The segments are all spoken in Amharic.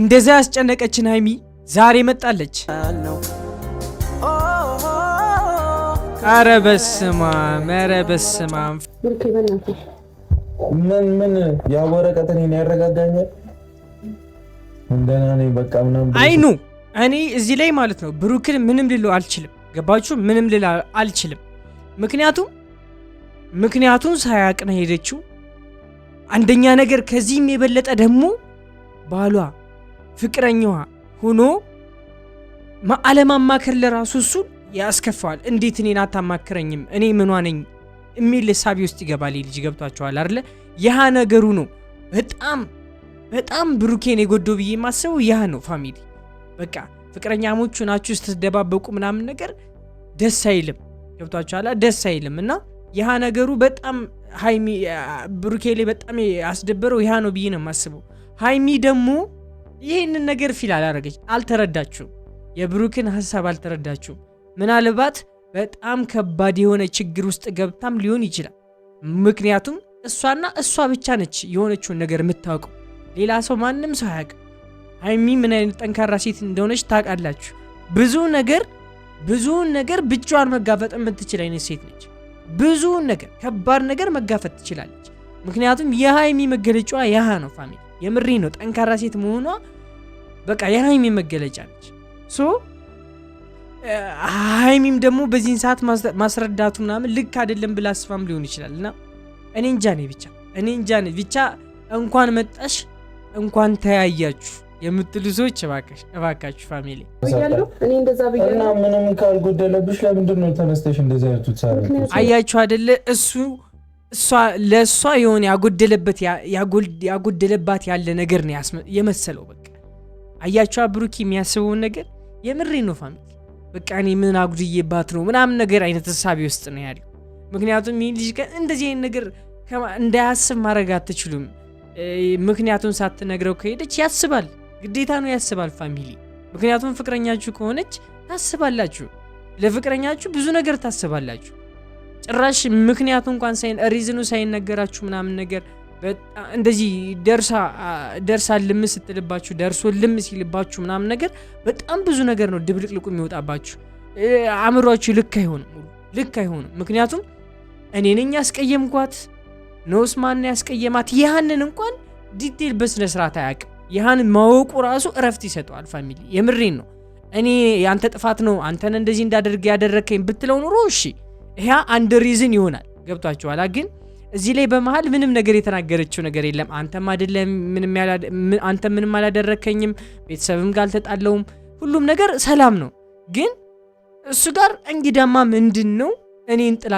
እንደዛ ያስጨነቀችን ሀይሚ ዛሬ መጣለች። ኧረ በስማም በስማም ምን ምን ያወረቀትን ያረጋጋኛል እንደና በቃ ምናምን አይኑ እኔ እዚህ ላይ ማለት ነው ብሩክን ምንም ልለው አልችልም። ገባችሁ? ምንም ልል አልችልም። ምክንያቱም ምክንያቱም ሳያቅ ነው ሄደችው። አንደኛ ነገር ከዚህም የበለጠ ደግሞ ባሏ ፍቅረኛዋ ሆኖ አለማማከር ለራሱ እሱን ያስከፋዋል። እንዴት እኔን አታማክረኝም? እኔ ምኗ ነኝ? የሚል ሳቢ ውስጥ ይገባል ልጅ። ገብቷቸዋል አለ ያህ ነገሩ ነው። በጣም በጣም ብሩኬን የጎዶ ብዬ የማስበው ያህ ነው። ፋሚሊ በቃ ፍቅረኛሞቹ ናችሁ ስትደባበቁ ምናምን ነገር ደስ አይልም። ገብቷቸዋል ደስ አይልም እና ያህ ነገሩ በጣም ሀይሚ ብሩኬ ላይ በጣም ያስደበረው ያህ ነው ብዬ ነው የማስበው። ሀይሚ ደግሞ ይህንን ነገር ፊል አላረገች። አልተረዳችሁም። የብሩክን ሀሳብ አልተረዳችሁም። ምናልባት በጣም ከባድ የሆነ ችግር ውስጥ ገብታም ሊሆን ይችላል። ምክንያቱም እሷና እሷ ብቻ ነች የሆነችውን ነገር የምታውቀው፣ ሌላ ሰው ማንም ሰው አያውቅም። ሀይሚ ምን አይነት ጠንካራ ሴት እንደሆነች ታውቃላችሁ። ብዙ ነገር ብዙውን ነገር ብቻዋን መጋፈጥ የምትችል አይነት ሴት ነች። ብዙውን ነገር ከባድ ነገር መጋፈጥ ትችላለች። ምክንያቱም የሀይሚ መገለጫዋ ያሀ ነው ፋሚሊ የምሬ ነው። ጠንካራ ሴት መሆኗ በቃ የሀይሚ መገለጫ ነች። ሶ ሀይሚም ደግሞ በዚህን ሰዓት ማስረዳቱ ምናምን ልክ አይደለም ብላ አስፋም ሊሆን ይችላል። እና እኔ እንጃ ነኝ ብቻ እኔ እንጃ ነኝ ብቻ እንኳን መጣሽ እንኳን ተያያችሁ የምትሉ ሰዎች እባካችሁ ፋሚሊ እና ምንም ካልጎደለብሽ ለምንድን ነው ተነስተሽ እንደዚህ አይነቱ አያችሁ አደለ እሱ ለእሷ የሆነ ያጎደለበት ያጎደለባት ያለ ነገር ነው የመሰለው። በቃ አያቸው ብሩኪ የሚያስበውን ነገር የምሬ ነው። ፋሚሊ በቃ እኔ ምን አጉድዬባት ነው ምናምን ነገር አይነት ተሳቢ ውስጥ ነው ያለው። ምክንያቱም ይህ ልጅ ቀን እንደዚህ አይነት ነገር እንዳያስብ ማድረግ አትችሉም። ምክንያቱም ሳትነግረው ከሄደች ያስባል፣ ግዴታ ነው ያስባል ፋሚሊ። ምክንያቱም ፍቅረኛችሁ ከሆነች ታስባላችሁ፣ ለፍቅረኛችሁ ብዙ ነገር ታስባላችሁ። ጭራሽ ምክንያቱ እንኳን ሳይን ሪዝኑ ሳይነገራችሁ ምናምን ነገር እንደዚህ ደርሳ ልም ስትልባችሁ ደርሶ ልም ሲልባችሁ ምናምን ነገር በጣም ብዙ ነገር ነው ድብልቅልቁ የሚወጣባችሁ። አእምሯችሁ ልክ አይሆንም፣ ልክ አይሆንም። ምክንያቱም እኔ ነኝ ያስቀየምኳት ነውስ ማን ያስቀየማት? ያህንን እንኳን ዲቴል በስነ ስርዓት አያውቅም። ያህን ማወቁ ራሱ እረፍት ይሰጠዋል። ፋሚሊ የምሬን ነው። እኔ የአንተ ጥፋት ነው አንተን እንደዚህ እንዳደርግ ያደረከኝ ብትለው ኑሮ እሺ ያ አንድ ሪዝን ይሆናል። ገብቷችኋላ? ግን እዚህ ላይ በመሀል ምንም ነገር የተናገረችው ነገር የለም። አንተም አይደለም አንተ ምንም አላደረከኝም፣ ቤተሰብም ጋር አልተጣለውም፣ ሁሉም ነገር ሰላም ነው። ግን እሱ ጋር እንግዳማ ምንድን ነው እኔን ጥላ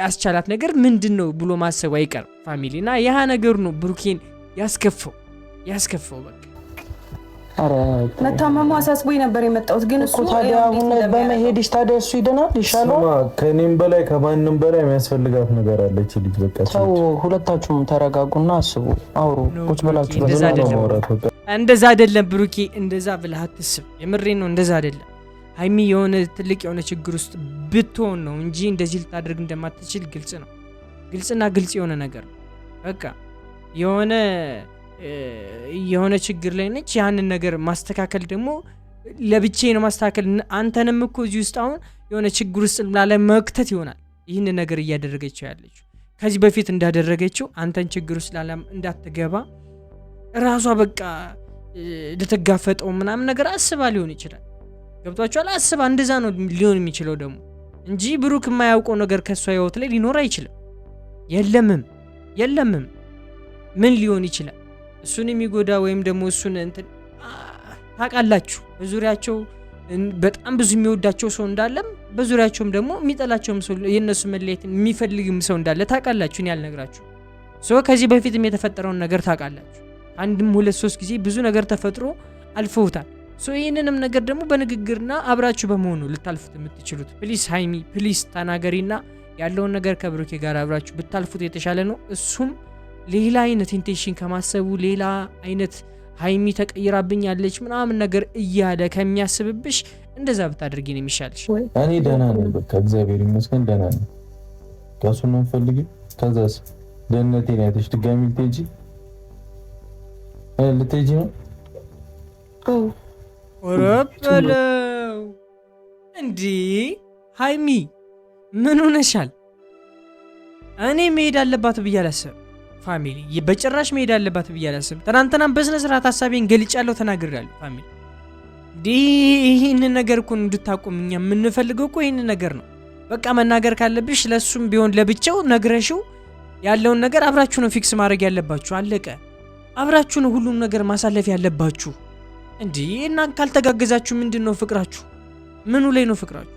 ያስቻላት ነገር ምንድን ነው ብሎ ማሰቡ አይቀርም ፋሚሊ እና ያ ነገር ነው ብሩኬን ያስከፈው ያስከፈው በቃ መታመሙ አሳስቦኝ ነበር የመጣሁት። ግን እሱ ታዲያ አሁን በመሄድሽ ታዲያ እሱ ይደናል ይሻላል። ከእኔም በላይ ከማንም በላይ የሚያስፈልጋት ነገር አለች ልጅ። በቃ ተው፣ ሁለታችሁም ተረጋጉና አስቡ፣ አውሩ፣ ቁጭ ብላችሁ እንደዛ አይደለም ብሩኬ፣ እንደዛ ብለህ አትስብ። የምሬ ነው፣ እንደዛ አይደለም ሀይሚ። የሆነ ትልቅ የሆነ ችግር ውስጥ ብትሆን ነው እንጂ እንደዚህ ልታደርግ እንደማትችል ግልጽ ነው። ግልጽና ግልጽ የሆነ ነገር በቃ የሆነ የሆነ ችግር ላይ ነች። ያንን ነገር ማስተካከል ደግሞ ለብቼ ነው ማስተካከል። አንተንም እኮ እዚህ ውስጥ አሁን የሆነ ችግር ውስጥ ላለ መክተት ይሆናል ይህን ነገር እያደረገችው ያለችው ከዚህ በፊት እንዳደረገችው አንተን ችግር ውስጥ ላለ እንዳትገባ ራሷ በቃ ልትጋፈጠው ምናምን ነገር አስባ ሊሆን ይችላል። ገብቷችኋል? አስባ እንደዛ ነው ሊሆን የሚችለው ደግሞ እንጂ ብሩክ የማያውቀው ነገር ከእሷ ህይወት ላይ ሊኖር አይችልም። የለምም የለምም ምን ሊሆን ይችላል እሱን የሚጎዳ ወይም ደግሞ እሱን እንትን ታውቃላችሁ፣ በዙሪያቸው በጣም ብዙ የሚወዳቸው ሰው እንዳለም በዙሪያቸውም ደግሞ የሚጠላቸውም ሰው የእነሱ መለየት የሚፈልግም ሰው እንዳለ ታውቃላችሁ። እኔ ያልነግራችሁ ሰው ከዚህ በፊትም የተፈጠረውን ነገር ታውቃላችሁ። አንድም ሁለት ሶስት ጊዜ ብዙ ነገር ተፈጥሮ አልፈውታል። ይህንንም ነገር ደግሞ በንግግርና አብራችሁ በመሆኑ ልታልፉት የምትችሉት። ፕሊስ ሀይሚ ፕሊስ ተናገሪና ያለውን ነገር ከብሩኬ ጋር አብራችሁ ብታልፉት የተሻለ ነው እሱም ሌላ አይነት ኢንቴንሽን ከማሰቡ ሌላ አይነት ሀይሚ ተቀይራብኛለች ምናምን ነገር እያለ ከሚያስብብሽ እንደዛ ብታደርጊ ነው የሚሻልሽ። እኔ ደህና ነኝ፣ በቃ እግዚአብሔር ይመስገን ደህና ነኝ። ከሱ ነው ፈልግ። ከዛስ ደህንነቴን አይተሽ ድጋሚ ልትሄጂ ልትሄጂ ነው? ወረበለው እንዲህ ሀይሚ ምን ሆነሻል? እኔ መሄድ አለባት ብዬ አላሰብም ፋሚሊ በጭራሽ መሄድ አለባት ብዬ አላስብም። ትናንትናም በስነ ስርዓት ሀሳቤን ገልጫለሁ፣ ተናግሬያለሁ። ፋሚሊ ይህን ነገር እኮ እንድታቆም እኛ የምንፈልገው እኮ ይህን ነገር ነው። በቃ መናገር ካለብሽ ለሱም ቢሆን ለብቻው ነግረሽው ያለውን ነገር አብራችሁ ነው ፊክስ ማድረግ ያለባችሁ። አለቀ። አብራችሁ ነው ሁሉም ነገር ማሳለፍ ያለባችሁ። እንዲህ እና ካልተጋገዛችሁ ምንድን ነው ፍቅራችሁ? ምኑ ላይ ነው ፍቅራችሁ?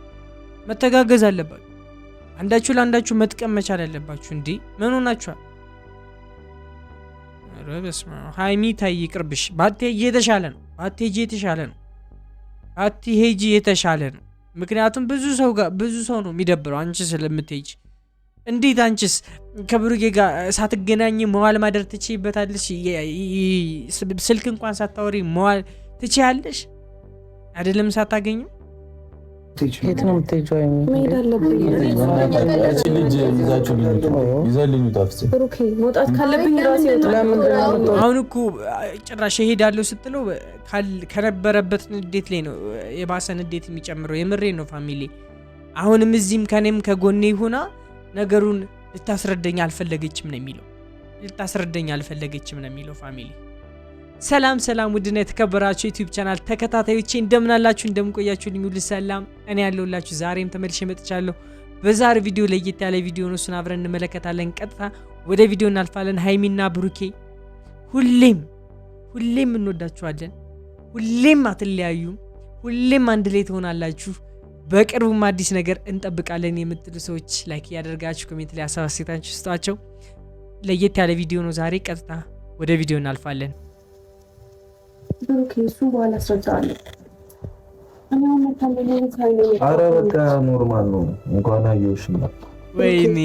መተጋገዝ አለባችሁ። አንዳችሁ ለአንዳችሁ መጥቀም መቻል ያለባችሁ። እንዲህ ምን ናችኋል? ሀይሚ ታይ ይቅርብሽ። ባትሄጂ የተሻለ ነው። ባትሄጂ የተሻለ ነው። አትሄጂ የተሻለ ነው። ምክንያቱም ብዙ ሰው ጋር ብዙ ሰው ነው የሚደብረው አንቺ ስለምትሄጂ። እንዴት አንቺስ ከብሩጌ ጋር ሳትገናኝ መዋል ማደር ትችይበታለሽ? ስልክ እንኳን ሳታወሪ መዋል ትችያለሽ? አይደለም ሳታገኘው የት ነው የምትሄጂው? መውጣት ካለብኝ አሁን እኮ ጭራሽ እሄዳለሁ ስትለው ከነበረበት ንዴት ላይ ነው የባሰ ንዴት የሚጨምረው። የምሬ ነው ፋሚሊ። አሁንም እዚህም ከኔም ከጎኔ ሆና ነገሩን ልታስረደኝ አልፈለገችም ነው የሚለው ልታስረደኝ አልፈለገችም ነው የሚለው ፋሚሊ ሰላም ሰላም ውድና የተከበራችሁ ዩቲዩብ ቻናል ተከታታዮቼ እንደምናላችሁ እንደምንቆያችሁ ልኝ ሁሉ ሰላም እኔ ያለሁላችሁ ዛሬም ተመልሼ መጥቻለሁ። በዛሬ ቪዲዮ ለየት ያለ ቪዲዮ ነው፣ እሱን አብረን እንመለከታለን። ቀጥታ ወደ ቪዲዮ እናልፋለን። ሀይሚና ብሩኬ ሁሌም ሁሌም እንወዳችኋለን፣ ሁሌም አትለያዩም፣ ሁሌም አንድ ላይ ትሆናላችሁ፣ በቅርቡም አዲስ ነገር እንጠብቃለን የምትሉ ሰዎች ላይክ እያደርጋችሁ ኮሜንት ላይ ሀሳብ ስጧቸው። ለየት ያለ ቪዲዮ ነው ዛሬ። ቀጥታ ወደ ቪዲዮ እናልፋለን። ብሩክ እሱን በኋላ አስረዳዋለሁ። አረ በቃ ኖርማል ነው። እንኳን አየሁሽ። ወይኔ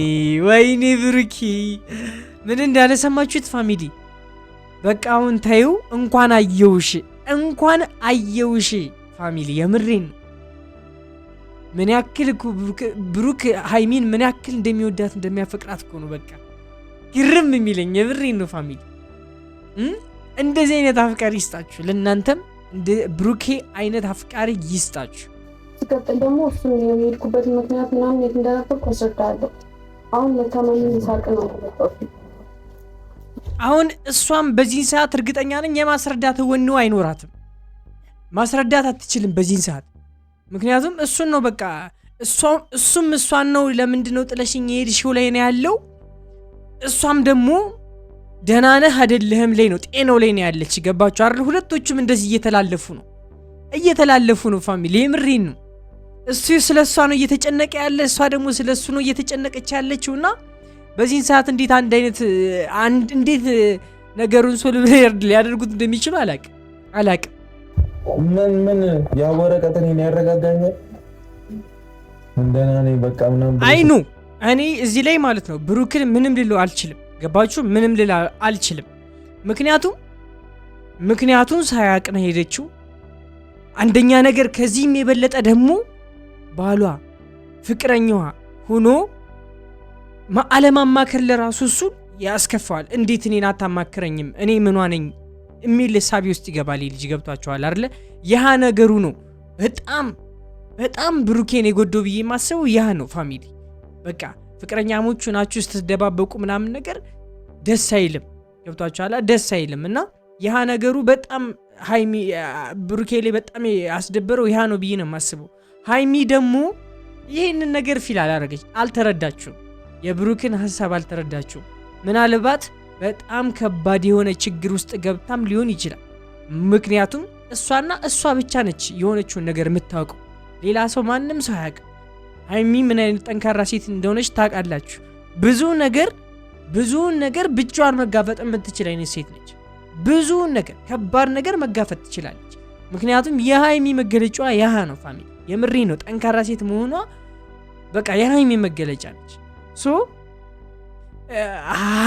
ወይኔ ብሩኪ ምን እንዳለ ሰማችሁት ፋሚሊ። በቃ አሁን ታዩ። እንኳን አየውሽ እንኳን አየውሽ ፋሚሊ፣ የምሬን ነው። ምን ያክል ብሩክ ሀይሚን ምን ያክል እንደሚወዳት እንደሚያፈቅራት እኮ ነው። በቃ ግርም የሚለኝ የምሬን ነው ፋሚሊ እንደዚህ አይነት አፍቃሪ ይስጣችሁ፣ ለእናንተም ብሩኬ አይነት አፍቃሪ ይስጣችሁ። ሲቀጥል ደግሞ እሱ የሄድኩበት ምክንያት ምናምን የት እንደነበርኩ አስረዳለሁ። አሁን መታመም ሳቅ ነው። አሁን እሷም በዚህን ሰዓት እርግጠኛ ነኝ የማስረዳት ወኔው አይኖራትም። ማስረዳት አትችልም በዚህን ሰዓት ምክንያቱም እሱን ነው በቃ እሱም እሷን ነው። ለምንድነው ነው ጥለሽኝ የሄድሽው ላይ ነው ያለው። እሷም ደግሞ ደህና ነህ አይደለህም ላይ ነው ጤናው ላይ ነው ያለች። ገባችሁ አይደል? ሁለቶቹም እንደዚህ እየተላለፉ ነው እየተላለፉ ነው። ፋሚሊ የምሬን ነው። እሱ ስለ እሷ ነው እየተጨነቀ ያለ፣ እሷ ደግሞ ስለ እሱ ነው እየተጨነቀች ያለችው እና በዚህን ሰዓት እንዴት አንድ አይነት አንድ እንዴት ነገሩን ሶልቬርድ ሊያደርጉት እንደሚችሉ አላቅ አላቅ ምን ምን ያ ወረቀት እኔን ያረጋጋኛል እንደና በቃ ምናምን አይኑ እኔ እዚህ ላይ ማለት ነው ብሩክን ምንም ልለው አልችልም ገባችሁ? ምንም ልል አልችልም። ምክንያቱም ምክንያቱን ሳያቅ ነው ሄደችው። አንደኛ ነገር ከዚህም የበለጠ ደግሞ ባሏ ፍቅረኛዋ ሆኖ አለማማከር ለራሱ እሱን ያስከፋዋል። እንዴት እኔን አታማክረኝም? እኔ ምኗ ነኝ የሚል ሳቢ ውስጥ ይገባል ልጅ። ገብቷቸዋል አለ ያህ ነገሩ ነው በጣም በጣም ብሩኬን የጎዶ ብዬ ማሰቡ ያህ ነው ፋሚሊ በቃ ፍቅረኛሞቹ ናችሁ ስትደባበቁ ምናምን ነገር ደስ አይልም። ገብቷችኋል? ደስ አይልም እና ያ ነገሩ በጣም ሀይሚ ብሩኬ ላይ በጣም አስደበረው። ያ ነው ብዬ ነው የማስበው። ሀይሚ ደግሞ ይህንን ነገር ፊል አላረገች፣ አልተረዳችሁም። የብሩክን ሀሳብ አልተረዳችሁም። ምናልባት በጣም ከባድ የሆነ ችግር ውስጥ ገብታም ሊሆን ይችላል። ምክንያቱም እሷና እሷ ብቻ ነች የሆነችውን ነገር የምታውቀው፣ ሌላ ሰው ማንም ሰው አያውቅም። ሀይሚ ምን አይነት ጠንካራ ሴት እንደሆነች ታውቃላችሁ። ብዙ ነገር ብዙውን ነገር ብቻዋን መጋፈጥ የምትችል አይነት ሴት ነች። ብዙውን ነገር ከባድ ነገር መጋፈጥ ትችላለች። ምክንያቱም የሀይሚ መገለጫዋ ያሃ ነው። ፋሚሊ የምሬ ነው። ጠንካራ ሴት መሆኗ በቃ የሀይሚ መገለጫ ነች። ሶ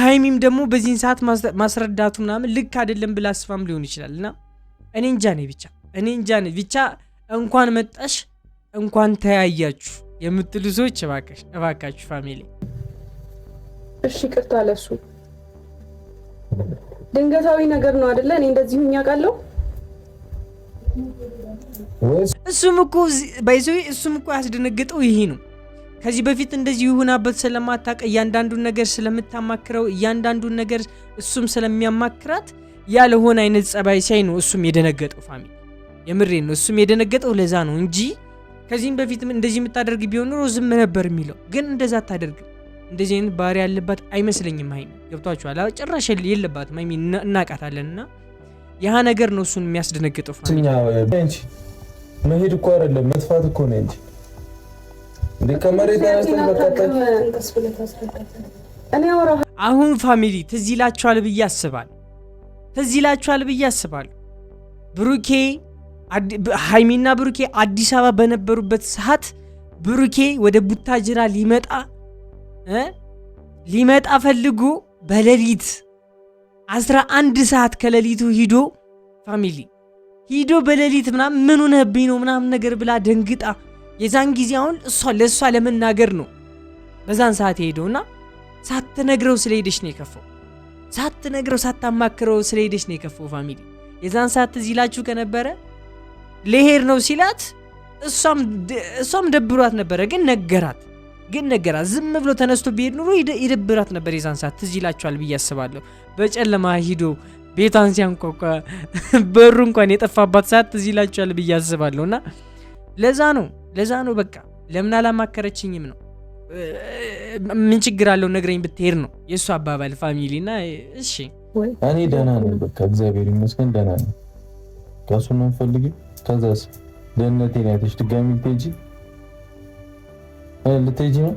ሀይሚም ደግሞ በዚህን ሰዓት ማስረዳቱ ምናምን ልክ አይደለም ብላ አስፋም ሊሆን ይችላል እና እኔ እንጃ ነኝ ብቻ እኔ እንጃ ነኝ ብቻ እንኳን መጣሽ እንኳን ተያያችሁ የምትሉ ሰዎች እባካችሁ ፋሚሊ እሺ፣ ቅርታ ለሱ ድንገታዊ ነገር ነው አደለ እኔ እንደዚሁ እኛ ቃለው እሱም እኮ ባይዘ እሱም እኮ ያስደነግጠው ይሄ ነው። ከዚህ በፊት እንደዚህ ይሁናበት ስለማታቀ እያንዳንዱን ነገር ስለምታማክረው እያንዳንዱን ነገር እሱም ስለሚያማክራት ያለሆነ አይነት ጸባይ ሳይ ነው እሱም የደነገጠው። ፋሚሊ የምሬ ነው። እሱም የደነገጠው ለዛ ነው እንጂ ከዚህም በፊትም እንደዚህ የምታደርግ ቢሆን ኖሮ ዝም ነበር የሚለው ግን እንደዛ አታደርግም። እንደዚህ አይነት ባህሪ ያለባት አይመስለኝም። ሀይሚ ገብቷችኋል? ጭራሽ የለባትም። ሀይሚ እናቃታለን እና ያህ ነገር ነው እሱን የሚያስደነግጠው። መሄድ እኮ አይደለም መጥፋት እኮ ነው እንጂ አሁን ፋሚሊ ትዝ ይላችኋል ብዬ አስባለሁ። ትዝ ይላችኋል ብዬ አስባለሁ ብሩኬ ሀይሚና ብሩኬ አዲስ አበባ በነበሩበት ሰዓት ብሩኬ ወደ ቡታጅራ ሊመጣ ሊመጣ ፈልጎ በሌሊት 11 ሰዓት ከሌሊቱ ሂዶ ፋሚሊ ሂዶ በሌሊት ምናምን ምን ሆነብኝ ነው ምናምን ነገር ብላ ደንግጣ የዛን ጊዜ አሁን እሷ ለእሷ ለመናገር ነው በዛን ሰዓት የሄደውና ሳትነግረው ስለሄደች ነው የከፈው። ሳትነግረው ሳታማክረው ስለሄደች ነው የከፈው። ፋሚሊ የዛን ሰዓት እዚህ ላችሁ ከነበረ ልሄድ ነው ሲላት እሷም ደብሯት ነበረ፣ ግን ነገራት ግን ነገራት። ዝም ብሎ ተነስቶ ቢሄድ ኑሮ ይደብራት ነበር። የዛን ሰዓት ትዝ ብዬ አስባለሁ። በጨለማ ሂዶ ቤቷን ሲያንኳኳ በሩ እንኳን የጠፋባት ሰዓት ትዝ ይላቸዋል ብዬ አስባለሁ። እና ለዛ ነው ለዛ ነው በቃ ለምን አላማከረችኝም ነው ምን ችግር አለው ነግረኝ ብትሄድ ነው የእሱ አባባል ፋሚሊ ና እሺ እኔ ደህና ነኝ፣ በቃ እግዚአብሔር ይመስገን ደህና ነኝ። ከሱ ነው የምፈልገው ከዛስ ደህንነቴን አይተሽ ድጋሚ ልትሄጂ ልትሄጂ ነው?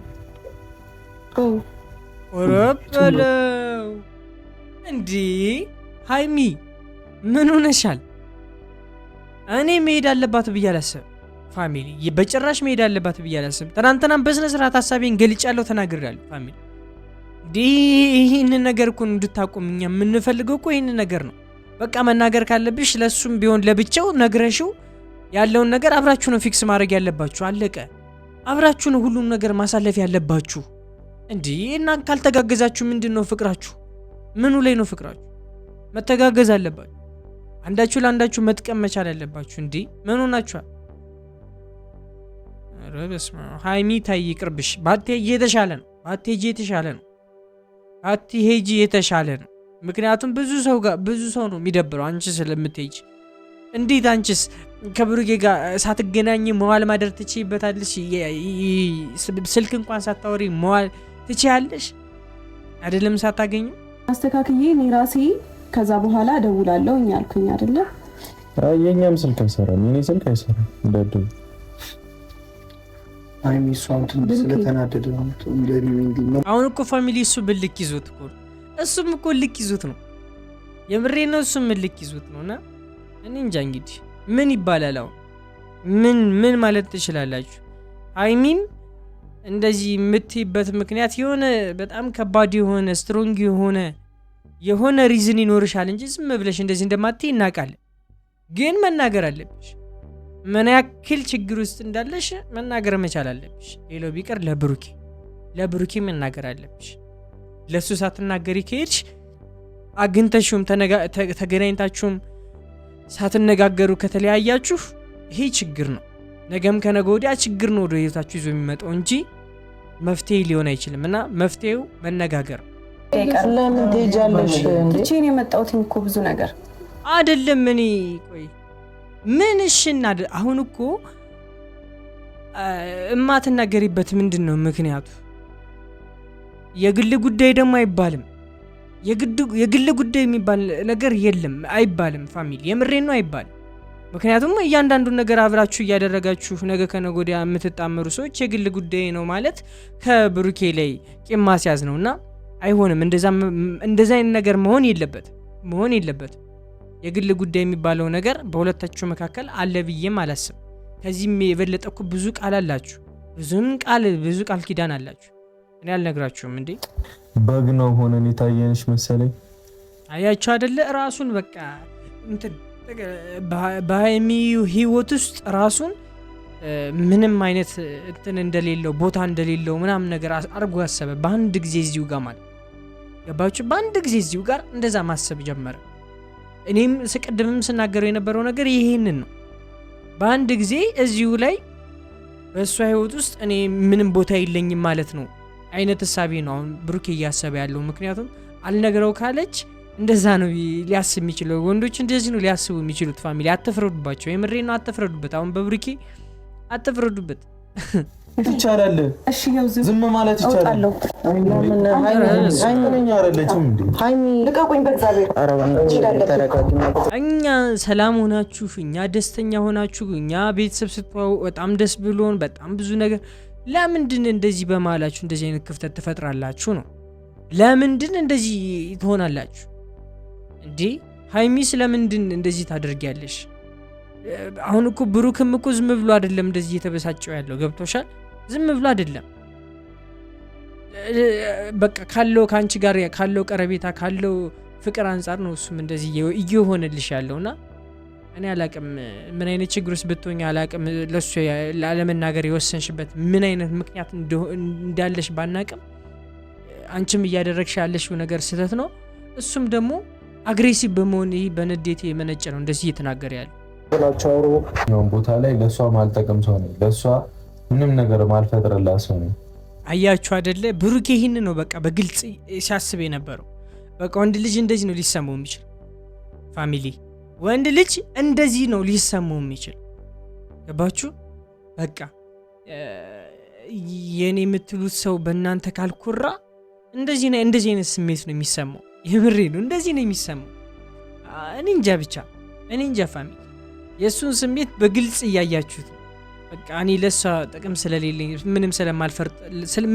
ወረበለው እንዲህ ሀይሚ ምን ሆነሻል? እኔ መሄድ አለባት ብዬ አላስብም። ፋሚሊ በጭራሽ መሄድ አለባት ብዬ አላስብም። ትናንትናም በስነ ስርዓት ሀሳቤን ገልጫለሁ፣ ተናግሬያለሁ። ፋሚሊ ይህንን ነገር እኮ እንድታቆም እኛ የምንፈልገው እኮ ይህንን ነገር ነው። በቃ መናገር ካለብሽ ለሱም ቢሆን ለብቻው ነግረሽው ያለውን ነገር አብራችሁ ነው ፊክስ ማድረግ ያለባችሁ። አለቀ። አብራችሁ ነው ሁሉም ነገር ማሳለፍ ያለባችሁ። እንዲህ እና ካልተጋገዛችሁ ምንድን ነው ፍቅራችሁ? ምኑ ላይ ነው ፍቅራችሁ? መተጋገዝ አለባችሁ። አንዳችሁ ለአንዳችሁ መጥቀም መቻል አለባችሁ። እንዲህ ምን ሆናችኋል? ሀይሚ ታይ ይቅርብሽ። ባቴ የተሻለ ነው። ባቴ የተሻለ ነው። ሄጂ የተሻለ ነው። ምክንያቱም ብዙ ሰው ጋር ብዙ ሰው ነው የሚደብረው አንቺ ስለምትሄጂ። እንዴት አንቺስ ከብሩጌ ጋር ሳትገናኝ መዋል ማደር ትችይበታለሽ? ስልክ እንኳን ሳታወሪ መዋል ትችያለሽ አይደለም? ሳታገኙ አስተካክዬ እኔ ራሴ ከዛ በኋላ እደውላለሁ እኛ አልኩኝ አይደለም። የእኛም ስልክ አይሰራም፣ እኔ ስልክ አይሰራም። እንደዱ አሁን እኮ ፋሚሊ እሱ ብልክ ይዞት እኮ እሱም እኮ ልክ ይዙት ነው። የምሬ ነው። እሱም ልክ ይዙት ነው። እና እኔ እንጃ እንግዲህ ምን ይባላል አሁን ምን ምን ማለት ትችላላችሁ? አይሚን እንደዚህ የምትይበት ምክንያት የሆነ በጣም ከባድ የሆነ ስትሮንግ የሆነ የሆነ ሪዝን ይኖርሻል እንጂ ዝም ብለሽ እንደዚህ እንደማት እናቃለን ግን መናገር አለብሽ። ምን ያክል ችግር ውስጥ እንዳለሽ መናገር መቻል አለብሽ። ሌሎ ቢቀር ለብሩኬ ለብሩኬ መናገር አለብሽ። ለእሱ ሳትናገሪ ከሄድሽ አግኝተሽውም ተገናኝታችሁም ሳትነጋገሩ ከተለያያችሁ ይሄ ችግር ነው። ነገም ከነገ ወዲያ ችግር ነው ወደ ህይወታችሁ ይዞ የሚመጣው እንጂ መፍትሄ ሊሆን አይችልም። እና መፍትሄው መነጋገር ለምን ትሄጃለሽ? የመጣሁት እኮ ብዙ ነገር እኔ ቆይ ምን እሽና አሁን እኮ እማትናገሪበት ምንድን ነው ምክንያቱ? የግል ጉዳይ ደግሞ አይባልም። የግል ጉዳይ የሚባል ነገር የለም አይባልም። ፋሚሊ የምሬ ነው አይባልም። ምክንያቱም እያንዳንዱን ነገር አብራችሁ እያደረጋችሁ ነገ ከነገ ወዲያ የምትጣመሩ ሰዎች የግል ጉዳይ ነው ማለት ከብሩኬ ላይ ቂም ማስያዝ ነው እና አይሆንም። እንደዚ አይነት ነገር መሆን የለበት መሆን የለበት። የግል ጉዳይ የሚባለው ነገር በሁለታችሁ መካከል አለ ብዬም አላስብ። ከዚህም የበለጠኩ ብዙ ቃል አላችሁ፣ ብዙም ቃል ብዙ ቃል ኪዳን አላችሁ። እኔ አልነግራችሁም እንዴ? በግ ነው ሆነን የታየንሽ መሰለኝ። አያችሁ አደለ ራሱን በቃ እንትን በሀይሚ ህይወት ውስጥ ራሱን ምንም አይነት እንትን እንደሌለው ቦታ እንደሌለው ምናምን ነገር አድርጎ ያሰበ በአንድ ጊዜ እዚሁ ጋር ማለት ገባችሁ? በአንድ ጊዜ እዚሁ ጋር እንደዛ ማሰብ ጀመረ። እኔም ስቀድምም ስናገረው የነበረው ነገር ይህንን ነው። በአንድ ጊዜ እዚሁ ላይ በእሷ ህይወት ውስጥ እኔ ምንም ቦታ የለኝም ማለት ነው አይነት እሳቤ ነው አሁን ብሩኬ እያሰበ ያለው። ምክንያቱም አልነግረው ካለች እንደዛ ነው ሊያስብ የሚችለው። ወንዶች እንደዚህ ነው ሊያስቡ የሚችሉት። ፋሚሊ አትፍረዱባቸው፣ የምሬ ነው አትፍረዱበት። አሁን በብሩኬ አትፍረዱበት። እኛ ሰላም ሆናችሁ እኛ ደስተኛ ሆናችሁ እኛ ቤተሰብ ስትዋው በጣም ደስ ብሎን በጣም ብዙ ነገር ለምንድን እንደዚህ በመሃላችሁ እንደዚህ አይነት ክፍተት ትፈጥራላችሁ ነው? ለምንድን እንደዚህ ትሆናላችሁ እንዴ? ሀይሚ ለምንድን እንደዚህ ታደርጊያለሽ? አሁን እኮ ብሩክም እኮ ዝም ብሎ አይደለም እንደዚህ እየተበሳጨው ያለው ገብቶሻል? ዝም ብሎ አይደለም በቃ ካለው ከአንቺ ጋር ካለው ቀረቤታ ካለው ፍቅር አንጻር ነው እሱም እንደዚህ እየሆነልሽ ያለውና እኔ አላቅም ምን አይነት ችግር ውስጥ ብትሆኝ አላቅም። ለሱ ላለመናገር የወሰንሽበት ምን አይነት ምክንያት እንዳለሽ ባናቅም አንቺም እያደረግሽ ያለሽው ነገር ስህተት ነው። እሱም ደግሞ አግሬሲቭ በመሆን ይህ በንዴት የመነጨ ነው እንደዚህ እየተናገረ ያለ ላቸው ሆን ቦታ ላይ ለእሷ ማልጠቅም ሰው ነኝ። ለእሷ ምንም ነገር ማልፈጥርላት ሰው ነኝ። አያችሁ አደለ ብሩክ ይህን ነው በቃ በግልጽ ሲያስብ የነበረው። በቃ ወንድ ልጅ እንደዚህ ነው ሊሰማው የሚችል ፋሚሊ ወንድ ልጅ እንደዚህ ነው ሊሰማው የሚችል ገባችሁ? በቃ የኔ የምትሉት ሰው በእናንተ ካልኩራ እንደዚህ እንደዚህ አይነት ስሜት ነው የሚሰማው። የምሬ ነው፣ እንደዚህ ነው የሚሰማው። እኔ እንጃ ብቻ እኔ እንጃ። ፋሚ የእሱን ስሜት በግልጽ እያያችሁት ነው። በቃ እኔ ለእሷ ጥቅም ስለሌለኝ ምንም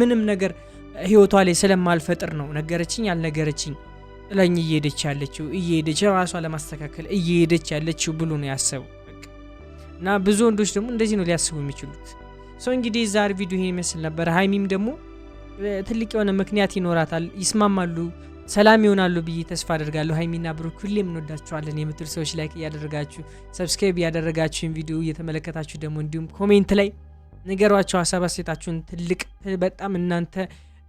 ምንም ነገር ህይወቷ ላይ ስለማልፈጥር ነው ነገረችኝ አልነገረችኝ ጥላኝ እየሄደች ያለችው እየሄደች ራሷ ለማስተካከል እየሄደች ያለችው ብሎ ነው ያሰቡ እና ብዙ ወንዶች ደግሞ እንደዚህ ነው ሊያስቡ የሚችሉት። ሰው እንግዲህ ዛሬ ቪዲዮ ይሄን ይመስል ነበር። ሀይሚም ደግሞ ትልቅ የሆነ ምክንያት ይኖራታል፣ ይስማማሉ፣ ሰላም ይሆናሉ ብዬ ተስፋ አደርጋለሁ። ሀይሚና ብሩክ ሁሌም እንወዳችኋለን የምትል ሰዎች ላይክ እያደረጋችሁ ሰብስክራይብ እያደረጋችሁን ቪዲዮ እየተመለከታችሁ ደግሞ እንዲሁም ኮሜንት ላይ ነገሯቸው ሀሳብ አስተያየታችሁን። ትልቅ በጣም እናንተ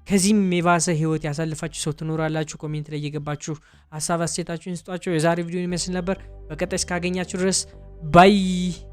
ከዚህም የባሰ ህይወት ያሳልፋችሁ ሰው ትኖራላችሁ። ኮሜንት ላይ እየገባችሁ ሀሳብ አስተያየታችሁን ስጧቸው። የዛሬ ቪዲዮ ይመስል ነበር። በቀጣይ እስካገኛችሁ ድረስ ባይ